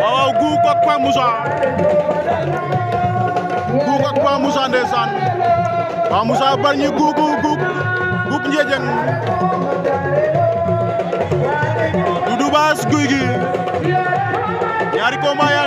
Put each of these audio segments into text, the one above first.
waaw guuk ak Pa Moussa guuk ak desan, Moussa ndeysaan Pa Moussa bari ñu guuk guuk guuk njeejeng Doudou Basse Gouye Gui ñaari combat yaa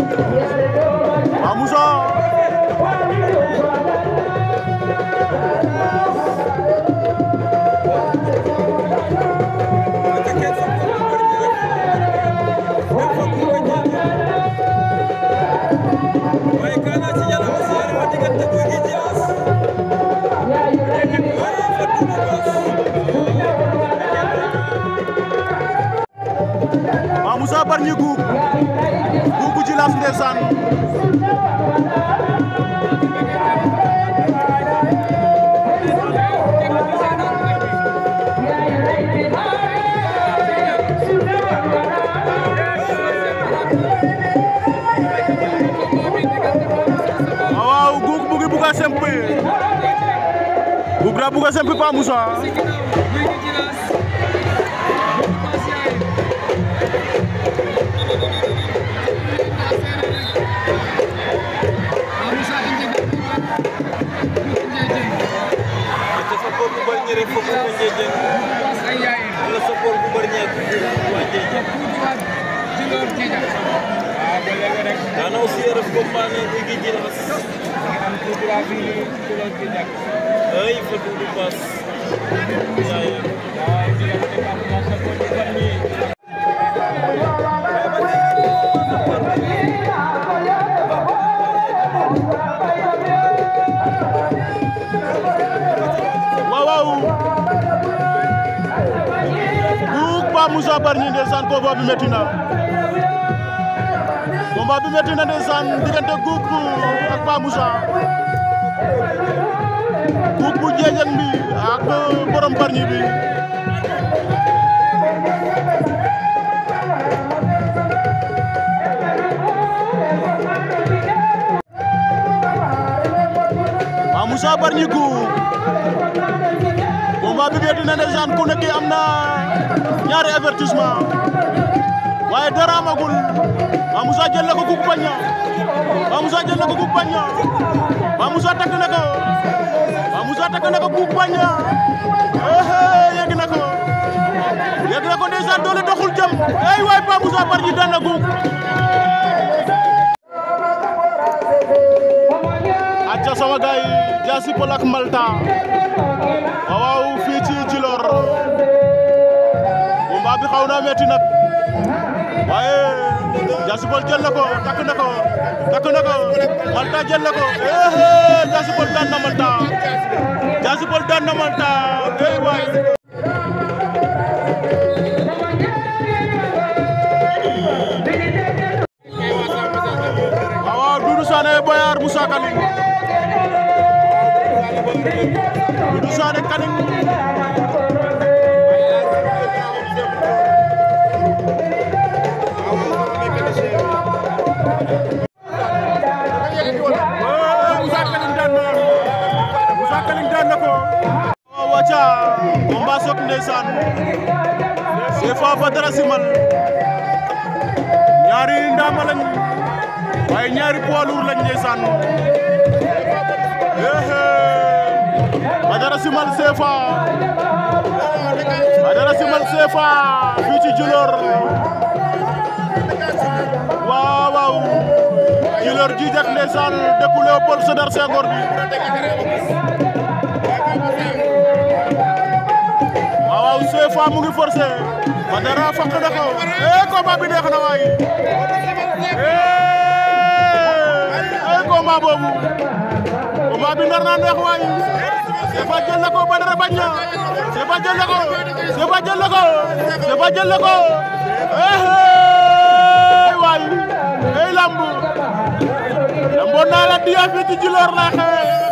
waaw Moussa Daf ndeysaan ah waaw guug bugi buga sempe guug ra buga sempe Pa Moussa jere fofu ko jejen wala support bu bari ñak wa jejen jilor jejen dana aussi ref compagnie bu gi jilas am ko ya ya ya ya Moussa Bargny ndeysaan combat bi métti na combat bi métti na ndeysaan diggante Gougue bu ak Pa Moussa Gougue bu jeejang bi ak euh, borom Bargny bi Pa Moussa Bargny Gougue combat bi bii dina ndeysaan ku nekk am na ñaari dara amagul Mame Moussa jël na ko kuk bañ jël na ko kuk bañ a Mame Moussa takk na ko Mame Moussa takk na doxul jëm ay sama gars yi Malta combat bi xaw naa metti nag waaye Diassy Peulh jël na ko takk na ko takk na ko Malta jël na ko eh Diassy Peulh daan na Malta Diassy Peulh daan na Malta eh waay waaw Doudou Sané Boyar Moussa Kaling Doudou Sané Kaling ndeysaan des fois ba dara si man ñaari ñaari poids lourd lañ ndeysaan ba dara si man CFA ba dara si man CFA fii ci Djilor waaw waaw Soye Fa mu ngi forcé Badara fàq na ko eh combat bi neex na waay eh eh combat boobu combat bi nar naa neex waay Soye Fa jël na ko Badara bañ na Soye Fa jël na ko Soye Fa jël na ko Soye Fa jël na ko eh waay eh lamb lamboon naa la diya fii ci Djilor la xee.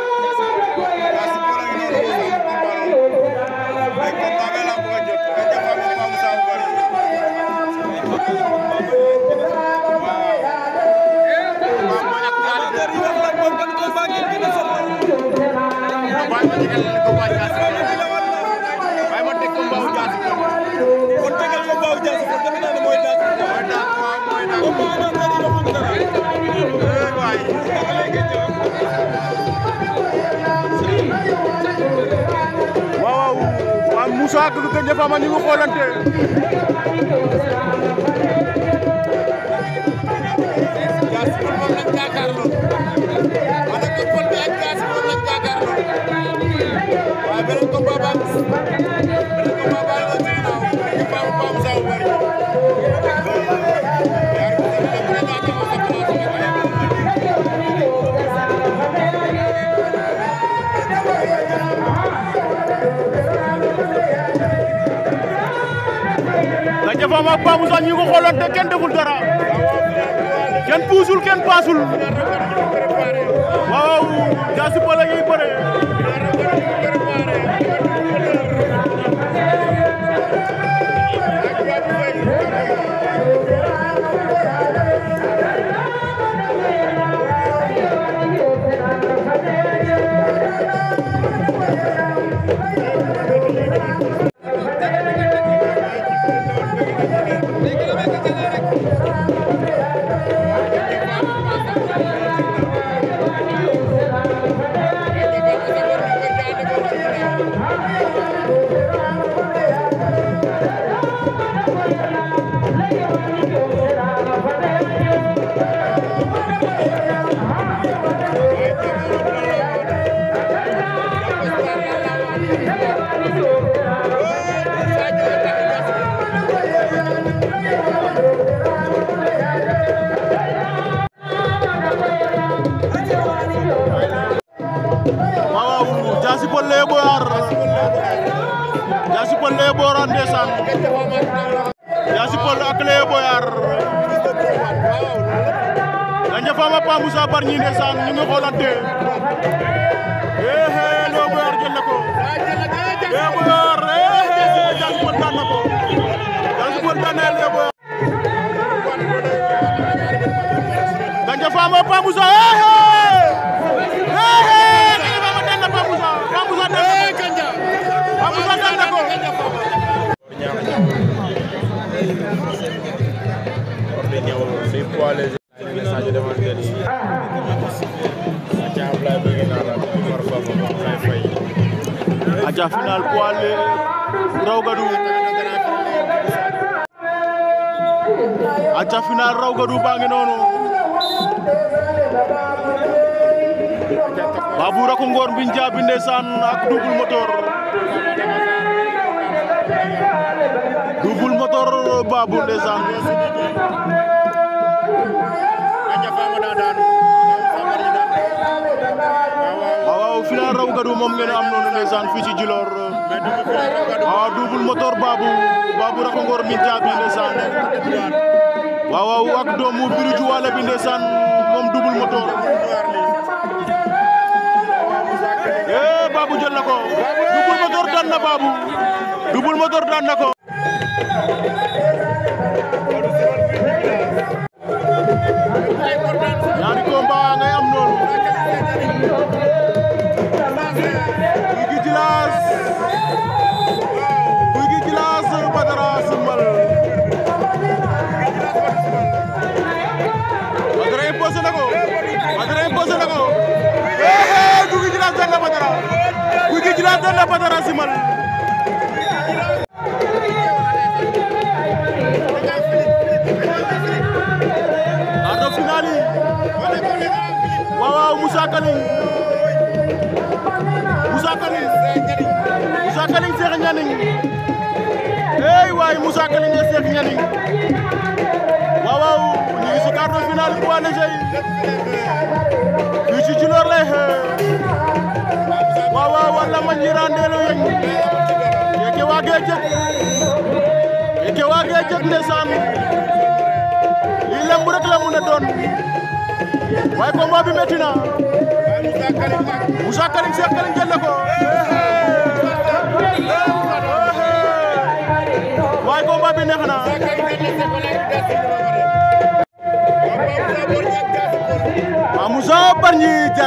combat Diassy Peulh waaye ma teg combat Diassy Peulh kon tegal combat Diassy Peulh defe naa ne mooy Diassy Peulh mooy daan waaw mooy daan combat daan na dina mën dara waaw waaw waaw Moussa Gouloup Gandia Fama ñu ngi xoolante Gandia Fama ak Babou Sagne ko xooloon te kenn deful dara kenn puusul kenn paasul waaw Thank you. waaw jaasi pël lay boyaar jaasi jaasi pël ak lay boyaar Gandia Fama Pa Moussa Bargny ndeysaan ñu ngi xoolante eehe lay boyaar jël na jaasi pël daan na ko jaasi pël daan na lay boyaar Gandia Fama Pa Moussa eehe Aja final kuali raw gadu Aja final raw gadu baa ngi noonu Babou Rako Ngor Mbine motor, ak double motor double la raw gadu moom ngeen am noonu ndeysaan fii ci Djilor waaw ah, double moteur Babou Babou Rako Ngor Binta bi ndeysaan waaw waaw ak doomu Biriju Wala bi ndeysaan moom double moteur eh Babou jël na ko double moteur daan na Babou double moteur daan na ko tribunal bu Wane Ndiaye fii ci Djilor lay xeex waaw waaw walla ma njiraandeelu yeeg yeke waagee jëg yeke waagee jëg ndeysaan lii lamb rek la mun a doon waaye combat bi métti na Moussa Karim Cheikh Karim jël na ko waaye combat bi neex na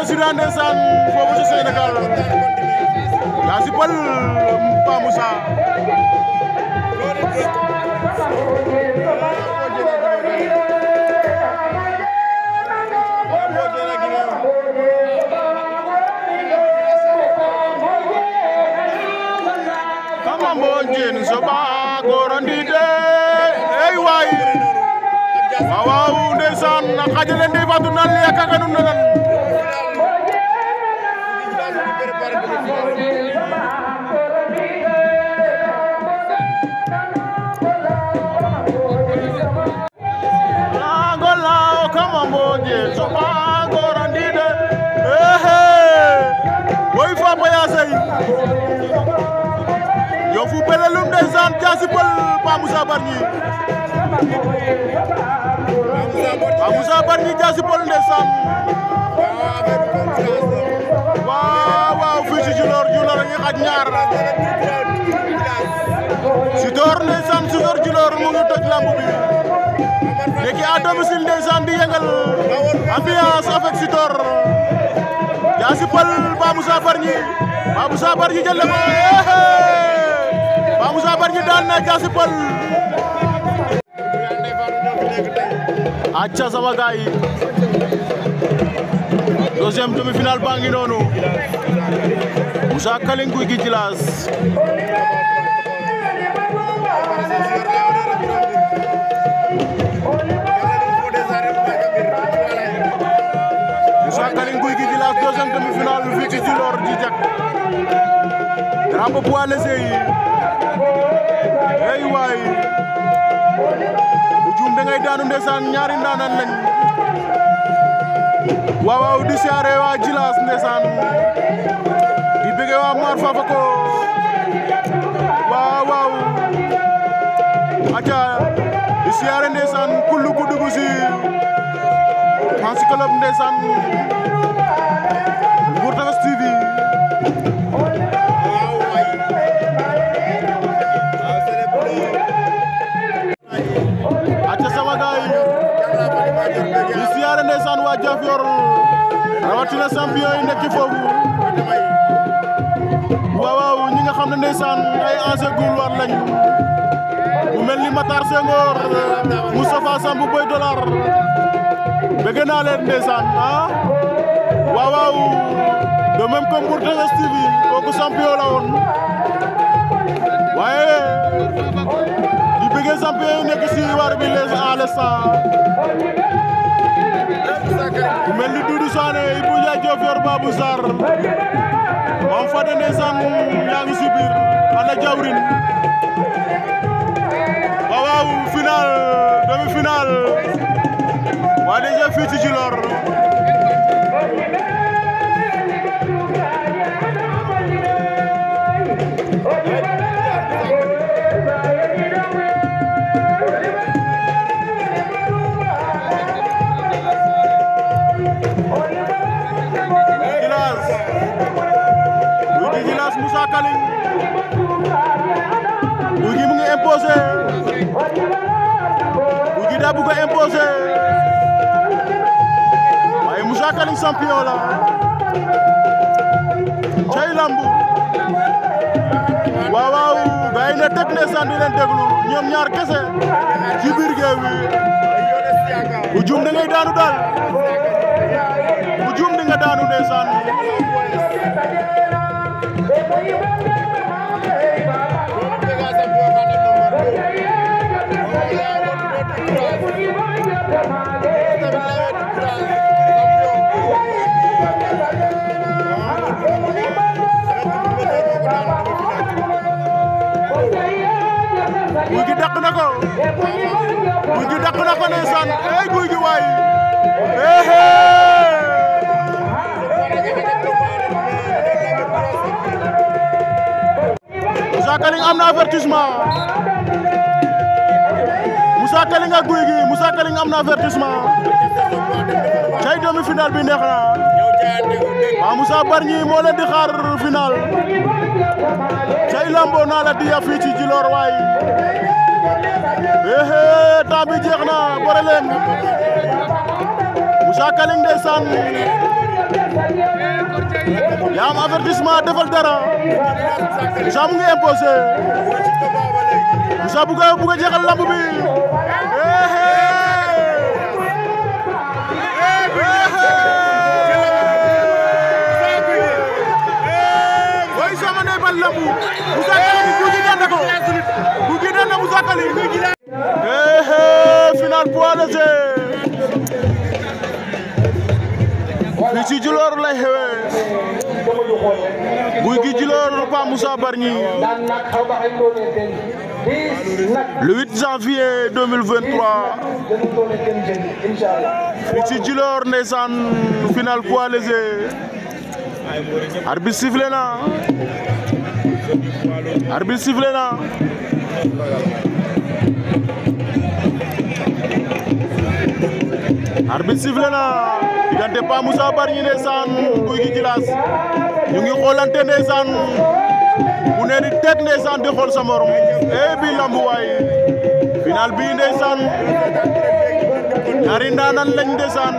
président ndeysaan foofu ci Sénégal yaa si bal Pa Moussa waaw ndeysaan xajale ndey fatu nan li yakka kanu nanan foofu belelum ndeysaan jaasi pël Pa Moussa Bargny Pa Moussa Bargny jaasi pël ndeysaan waaw waaw fii si Djilor Djilor a ngi xaj ñaar Sitor ndeysaan Sitor Djilor mu ngi toj lamb bi léegi à domicile ndeysaan di yëngal ambiance avec Sitor jaasi pël Pa Moussa Bargny Pa Moussa Bargny jël na ko eh, eh. Mame Moussa Bargny daan na Jaasi Pël acca ah, sama gaay demi-finale baa ngi noonu Moussa Kaling Gouy demi-finale fii ci Djilor di jag grand bu poids léger yi ay waay daanu ndeysaan ñaari lañ waaw di siyaare Jilaas ndeysaan di bëgge waa Mar Fafako di siyaare ndeysaan kullu guddu gu si Kajoor rawatina champion yi nekk foofu waaw ñi nga xam ne ndeysaan ay ancien gloire lañ mu mel ni Matar Senghor Moustapha Samb Boy Dollar bëgg naa leen ndeysaan ah waaw waaw de même comme pour TV kooku la woon waaye di bëgg champion yi nekk si war bi les à l'instant ku mel ni Doudou Sané Ibou Ndiaye Diop yor Babou Sarr Mame Fadé ndeysaan ñaa ngi si biir ana jawrin waaw final ba imposé waaye Moussa Kaling champion la cay lambu waaw waaw gars yi ne teg ne saan di leen déglu ñaar kese ci biir géew bi bu juum da daanu daal bu juum di nga daanu ndeysaan guy gi guy gi dàq na ko ndeysaan ey am na avertissement Moussa Kaling am na avertissement cay demi final bi neex na Mame Moussa Bargny moo di xaar final cay lambo naa la diya fii ci Djilor waay ehe eh, temps bi jeex na bëre leen Moussa Kaling ndeysaan yaa am defal dara mu ngi imposé Moussa bu ko bu ko bu Moussa Kaly Gouy Gui daan na ko final poids léger li ci Djilor lay xewee Gouy Gui Djilor Pa Moussa Bargny le 8 janvier 2023 fii ci Djilor ndeysaan final poids léger arbitre sifflé na arbitre sifflé na arbitre sifflé na diggante Pa Moussa Bargny ndeysaan Gouy Gui Djilass ñu ngi xoolante ndeysaan ku ne di teg ndeysaan di xool sa morom eh bi lamb waay final bi ndeysaan ñaari ndaanan lañ ndeysaan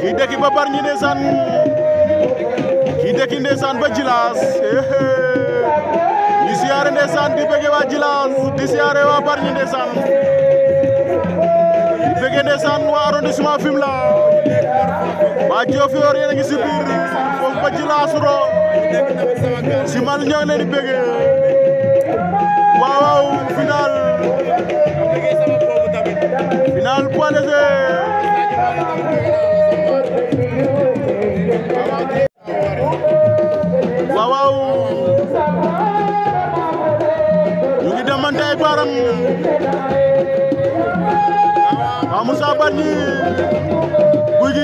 kii dëkk ba Bargny ndeysaan kii dëkk ndeysaan ba Djilass eh, eh. ndeysaan di bëgge waa Djilass di siyaare waa Bargny ndeysaan di bëgge ndeysaan waa arrondissement a ngi si mal ñoo ngi leen di bëgge waaw waaw final final point yaram waaw Moussa Bargny Gouye Gui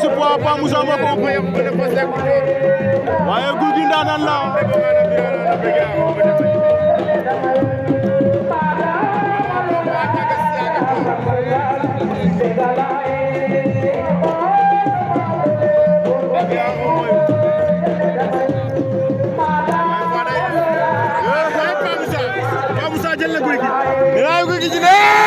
si poids Pa Moussa moo ko waaye Gouye Gui ndaanaan la 굴기 내가 알고 계시네